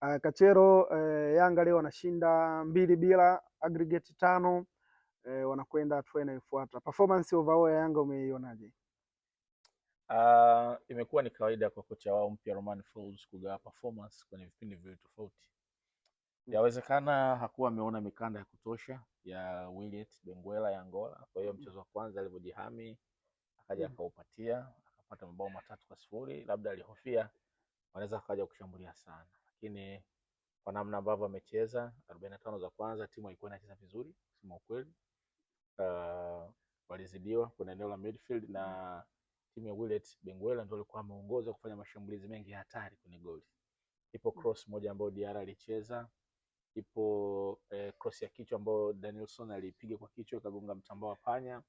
Uh, Kachero uh, Yanga leo wanashinda mbili bila aggregate tano uh, wanakwenda hatua inayofuata. Performance overall ya Yanga umeionaje? Uh, imekuwa ni kawaida kwa kocha wao mpya Romain Folz kugawa performance kwenye vipindi viwili tofauti. Hmm. Yawezekana hakuwa ameona mikanda ya kutosha ya Williet Benguela ya Angola, kwa hiyo hmm. mchezo wa kwanza alivyojihami akaja hmm. akaupatia akapata mabao matatu kwa sifuri, labda alihofia wanaweza akaja kushambulia sana lakini kwa namna ambavyo amecheza 45 za kwanza timu haikuwa inacheza vizuri kusema ukweli. Uh, walizidiwa kuna eneo la midfield na mm. timu ya Willet Benguela ndio alikuwa ameongoza kufanya mashambulizi mengi hatari kwenye goli. Ipo mm. cross moja ambayo Diarra alicheza, ipo eh, cross ya kichwa ambayo Danielson alipiga kwa kichwa ikagonga mtambao wa panya,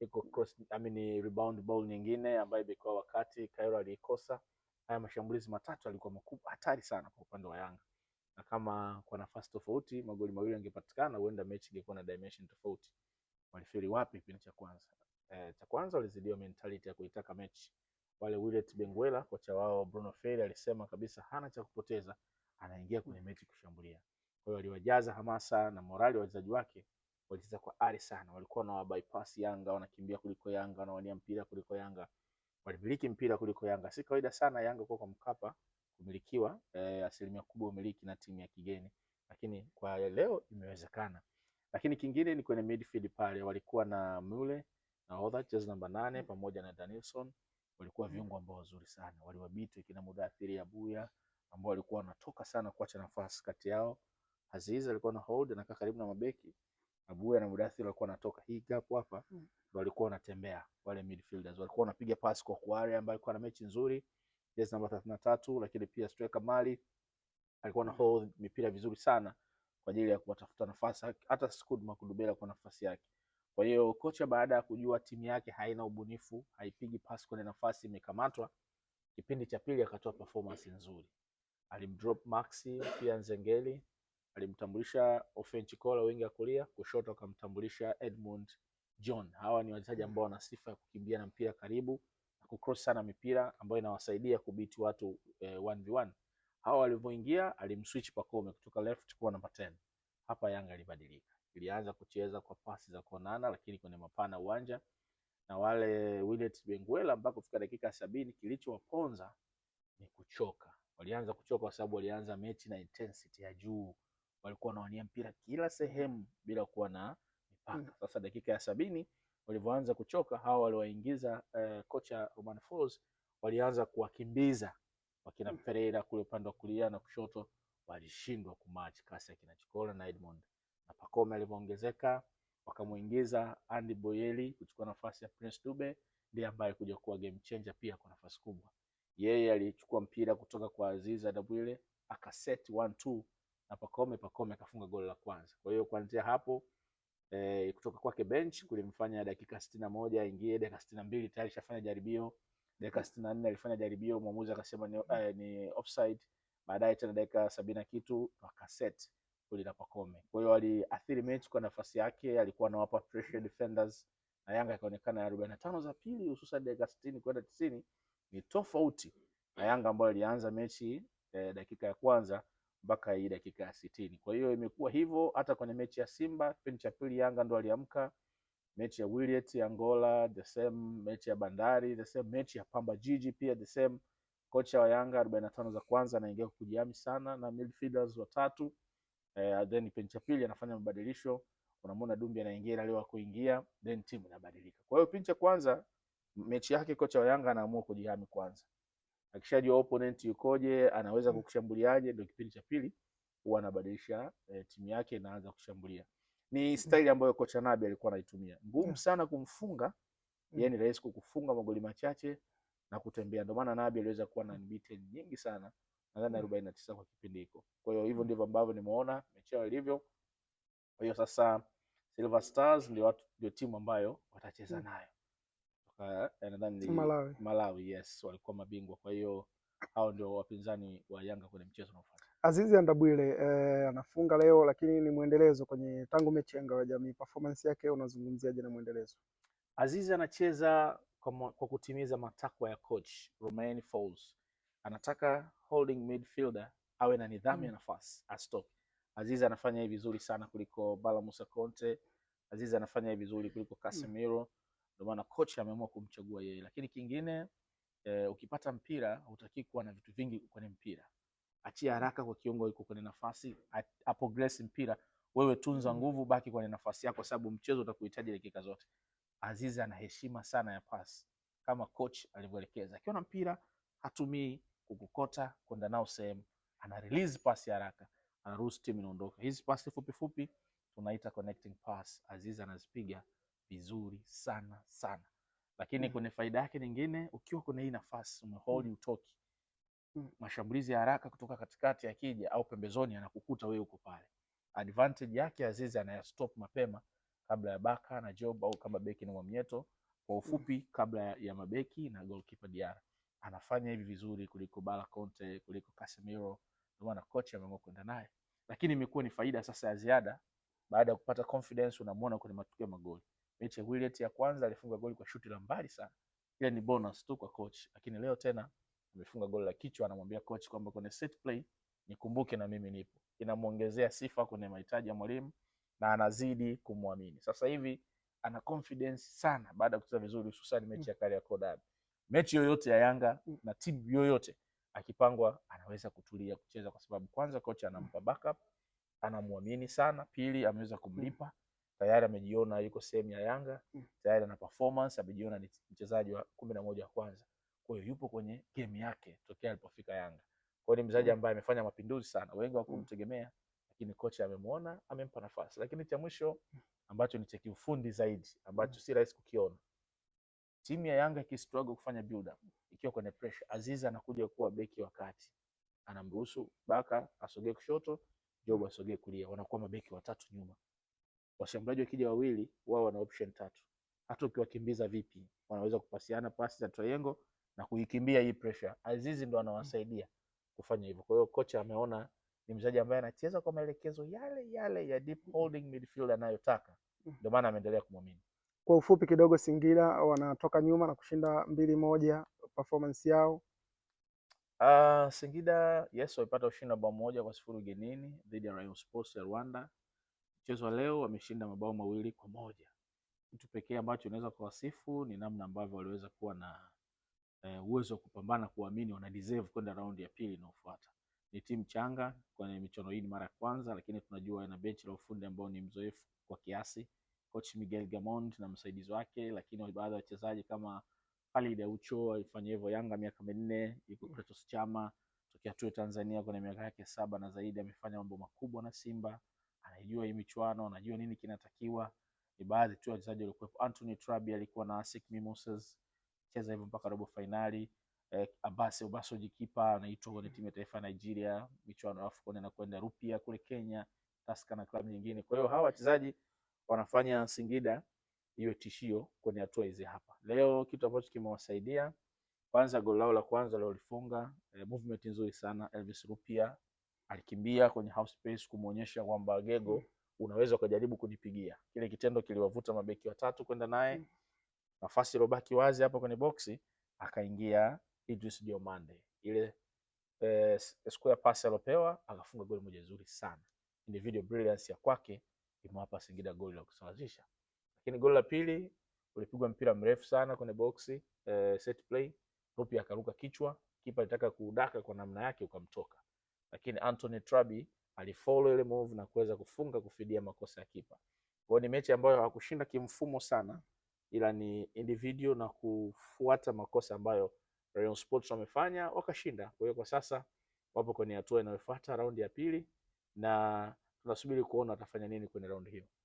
iko cross I mean, rebound ball nyingine ambayo ilikuwa wakati Cairo aliikosa haya mashambulizi matatu yalikuwa makubwa hatari sana kwa upande wa Yanga, na kama kwa nafasi tofauti magoli mawili yangepatikana, huenda mechi ingekuwa na dimension tofauti. Walifeli wapi kipindi cha kwanza? E, cha kwanza walizidiwa mentality ya kuitaka mechi. Wale Willet Benguela, kocha wao Bruno Ferry alisema kabisa hana cha kupoteza, anaingia kwenye mechi kushambulia. Kwa hiyo waliwajaza hamasa na morali wachezaji wake, walicheza kwa ari sana, walikuwa na bypass Yanga, wanakimbia kuliko Yanga, wanawania mpira kuliko Yanga walimiliki mpira kuliko Yanga. Si kawaida sana Yanga kwa Mkapa kumilikiwa eh, asilimia kubwa umiliki na timu ya kigeni, lakini kwa leo imewezekana. Lakini kingine ni kwenye midfield pale, walikuwa na Mule na Oda jezi namba nane pamoja na Danielson, walikuwa viungo ambao wazuri sana, waliwabiti kina Mudathiri Abuya ambao walikuwa wanatoka sana kuacha nafasi kati yao. Aziz alikuwa na hold na karibu na mabeki Abuya na Mudathir walikuwa wanatoka hii gap hapa mm. walikuwa wanatembea wale midfielders walikuwa wanapiga pasi kwa Kware ambaye alikuwa na mechi nzuri jezi namba 33, lakini pia striker Mali alikuwa na mm. hold mipira vizuri sana kwa ajili ya kuwatafuta nafasi, hata Skud Makudubela kwa nafasi yake. Kwa hiyo kocha baada ya kujua timu yake haina ubunifu, haipigi pasi kwenye nafasi, imekamatwa, kipindi cha pili akatoa performance nzuri, alimdrop Maxi pia Nzengeli alimtambulisha Ofen Kola wingi wa kulia, kushoto akamtambulisha Edmund John. Hawa ni wachezaji ambao wana sifa ya kukimbia na mpira karibu na kucross sana mipira ambayo inawasaidia kubiti watu 1v1. Eh, Hawa walivyoingia alimswitch Pacome kutoka left kuwa namba 10. Hapa Yanga alibadilika, ilianza kucheza kwa pasi za kuonana, lakini kwenye mapana uwanja na wale Willet Benguela ambao kufika dakika sabini kilichowaponza ni kuchoka. Walianza kuchoka kwa sababu walianza mechi na intensity ya juu walikuwa wanawania mpira kila sehemu bila kuwa na mipaka. Mm. Sasa dakika ya sabini walivyoanza kuchoka hawa waliwaingiza eh, kocha Romain Folz walianza kuwakimbiza wakina mm. Pereira kule upande wa kulia na kushoto, walishindwa kumatch kasi ya kina Chikola na Edmond na Pacome alivyoongezeka, wakamuingiza Andy Boyeli kuchukua nafasi ya Prince Dube, ndiye ambaye kuja kuwa game changer pia kwa nafasi kubwa. Yeye alichukua mpira kutoka kwa Aziza Dabwile akaseti 1-2 na Pacome. Pacome akafunga goli la kwanza. Kwa hiyo kuanzia hapo e, kutoka kwake bench kulimfanya dakika sitini na moja aingie, dakika sitini na mbili tayari shafanya jaribio, dakika sitini na nne alifanya jaribio, mwamuzi akasema ni, uh, ni offside. Baadaye tena dakika sabini na kitu wakaset goli la Pacome. Kwa hiyo aliathiri mechi kwa nafasi yake, alikuwa anawapa pressure defenders na Yanga ikaonekana ya arobaini na tano za pili hususan dakika sitini kwenda tisini ni tofauti na Yanga ambayo ilianza mechi eh, dakika ya kwanza mpaka hii dakika ya sitini. Kwa hiyo imekuwa hivyo hata kwenye mechi ya Simba kipindi cha pili, Yanga ndo aliamka, mechi ya Wiliet Angola the same, mechi ya Bandari the same, mechi ya Pamba Jiji pia the same. Kocha wa Yanga 45 za kwanza anaingia kujihami sana na midfielders watatu eh, then kipindi cha pili anafanya mabadilisho, unamwona Dumbi anaingia na leo kuingia, then timu inabadilika. Kwa hiyo kipindi cha kwanza mechi yake kocha wa Yanga anaamua kujihami kwanza akishajua opponent yukoje, anaweza mm. kukushambuliaje, ndio kipindi cha pili huwa anabadilisha eh, timu yake inaanza kushambulia. Ni mm. staili ambayo kocha Nabi alikuwa anaitumia, ngumu sana kumfunga mm. yeye, ni rahisi kukufunga magoli machache na kutembea. Ndio maana Nabi aliweza kuwa na unbeaten nyingi sana, nadhani arobaini na tisa kwa kipindi hiko. Kwa hiyo hivyo ndivyo ambavyo nimeona mechi yao ilivyo. Kwa hiyo sasa Silver Stars ndio watu ndio timu ambayo watacheza nayo uh, nadhani Malawi. Malawi yes, walikuwa mabingwa. Kwa hiyo hao ndio wapinzani wa Yanga kwenye mchezo unaofuata. Azizi Andabwile eh, anafunga leo, lakini ni mwendelezo kwenye tangu mechi Yanga ya Jamii. Performance yake unazungumziaje na mwendelezo? Azizi anacheza kwa, kwa kutimiza matakwa ya coach Romain Folz. Anataka holding midfielder awe na nidhamu mm. ya nafasi astop. Azizi anafanya hivi vizuri sana kuliko Bala Musa Conte. Azizi anafanya hivi vizuri kuliko mm. Casemiro mm. Ndio maana kocha ameamua kumchagua yeye. Lakini kingine e, ukipata mpira hutaki kuwa na vitu vingi kwenye mpira. Achia haraka kwa kiungo yuko kwenye nafasi, apogress mpira, wewe tunza mm. nguvu, baki kwenye nafasi yako, sababu mchezo utakuhitaji dakika zote. Aziz ana heshima sana ya pasi kama coach alivyoelekeza. Akiona mpira hatumii kukokota kwenda nao sehemu, ana release pasi haraka, anaruhusu timu inaondoka. Hizi pasi fupi fupi tunaita connecting pass. Aziz anazipiga vizuri sana sana, lakini mm. kwenye faida yake nyingine, ukiwa kwenye hii nafasi umehold mm. utoki mm. mashambulizi ya haraka kutoka katikati akija au pembezoni anakukuta wewe uko pale. Advantage yake Azizi anaya stop mapema kabla ya Baka na Job au kama beki na Mwamnyeto kwa mm. ufupi mm. kabla ya mabeki na goalkeeper Diarra anafanya hivi vizuri kuliko Bala Conte, kuliko Casemiro, ndio maana kocha ameamua kwenda naye, lakini imekuwa ni faida sasa ya ziada baada ya kupata confidence, unamwona kwenye matukio magoli mechi ya Williet ya kwanza alifunga goli kwa shuti la mbali sana, ile ni bonus tu kwa coach, lakini leo tena amefunga goli la kichwa, anamwambia coach kwamba kwenye set play nikumbuke na mimi nipo. Inamwongezea sifa kwenye mahitaji ya mwalimu na anazidi kumwamini. Sasa hivi ana confidence sana baada ya kucheza vizuri, hususan mechi ya Kariakoo Derby. Mechi yoyote ya Yanga na timu yoyote akipangwa, anaweza kutulia kucheza, kwa sababu kwanza kocha anampa backup, anamwamini sana; pili, ameweza kumlipa tayari amejiona yuko sehemu ya Yanga mm. tayari ana performance, amejiona ni mchezaji wa kumi na moja wa kwanza, kwa hiyo yupo kwenye game yake tokea alipofika Yanga. Kwa hiyo ni mchezaji mm. ambaye amefanya mapinduzi sana, wengi wakumtegemea mm. lakini kocha amemwona, amempa nafasi. Lakini cha mwisho ambacho ni cha kiufundi zaidi ambacho mm. si rahisi kukiona, timu ya Yanga ikistruggle kufanya build up, ikiwa kwenye pressure, Aziza anakuja kuwa beki wa kati, anamruhusu Baka asogee kushoto, Jobu asogee kulia, wanakuwa mabeki watatu nyuma Washambuliaji wakija wawili, wao wana option tatu. Hata ukiwakimbiza vipi, wanaweza kupasiana pasi za triangle na kuikimbia hii pressure. Azizi ndo anawasaidia kufanya hivyo. Kwa hiyo kocha ameona ni mchezaji ambaye anacheza kwa maelekezo yale yale ya deep mm-hmm. holding midfield anayotaka, mm-hmm. ndio maana ameendelea kumwamini. Kwa ufupi kidogo, Singida wanatoka nyuma na kushinda mbili moja. Performance yao Uh, Singida yes, walipata ushindi wa bao moja kwa sifuri ugenini dhidi ya Rayon Sports ya Rwanda. Mchezo wa leo wameshinda mabao mawili kwa moja. Kitu pekee ambacho unaweza kuwasifu ni namna ambavyo waliweza kuwa na eh, uwezo wa kupambana, kuamini wana deserve kwenda raundi ya pili inayofuata. Ni timu changa kwenye michuano hii, ni mara ya kwanza, lakini tunajua ina benchi la ufundi ambao ni mzoefu kwa kiasi, coach Miguel Gamond na msaidizi wake, lakini baadhi ya wachezaji kama Khalid Aucho alifanya hivyo Yanga miaka minne, yuko Clatous Chama tokea tu Tanzania kwenye miaka yake saba na zaidi, amefanya mambo makubwa na Simba najua hii michuano, najua nini kinatakiwa. Ni baadhi tu wachezaji walikuwepo. Anthony Trabi alikuwa na Sikmi Mimosas, cheza hivyo mpaka robo finali. Eh, Abase Obasoji kipa anaitwa kwenye timu ya taifa ya Nigeria, michuano ya AFCON anakwenda Rupia kule Kenya, Tusker na klabu nyingine. Kwa hiyo hawa wachezaji wanafanya Singida iwe tishio kwenye hatua hizi hapa. Leo kitu ambacho kimewasaidia kwanza, goli lao la kwanza lilifunga, eh, movement nzuri sana Elvis Rupia alikimbia kwenye half space kumuonyesha kwamba Gego, mm. unaweza ukajaribu kunipigia. Kile kitendo kiliwavuta mabeki watatu kwenda naye, mm. nafasi ilobaki wazi hapo kwenye boksi akaingia Idris Diomande. Ile eh, square pass alopewa akafunga goli moja nzuri sana. Individual brilliance ya kwake imewapa Singida goli la kusawazisha. Lakini goli la pili ulipigwa mpira mrefu sana kwenye boksi eh, set play, Rupi akaruka kichwa, kipa alitaka kuudaka kwa namna yake ukamtoka lakini Anthony Trabi alifollow ile move na kuweza kufunga kufidia makosa ya kipa. Kwa ni mechi ambayo hawakushinda kimfumo sana, ila ni individual na kufuata makosa ambayo Rayon Sports wamefanya wakashinda. Kwa hiyo kwa sasa wapo kwenye hatua inayofuata raundi ya pili, na tunasubiri kuona watafanya nini kwenye raundi hiyo.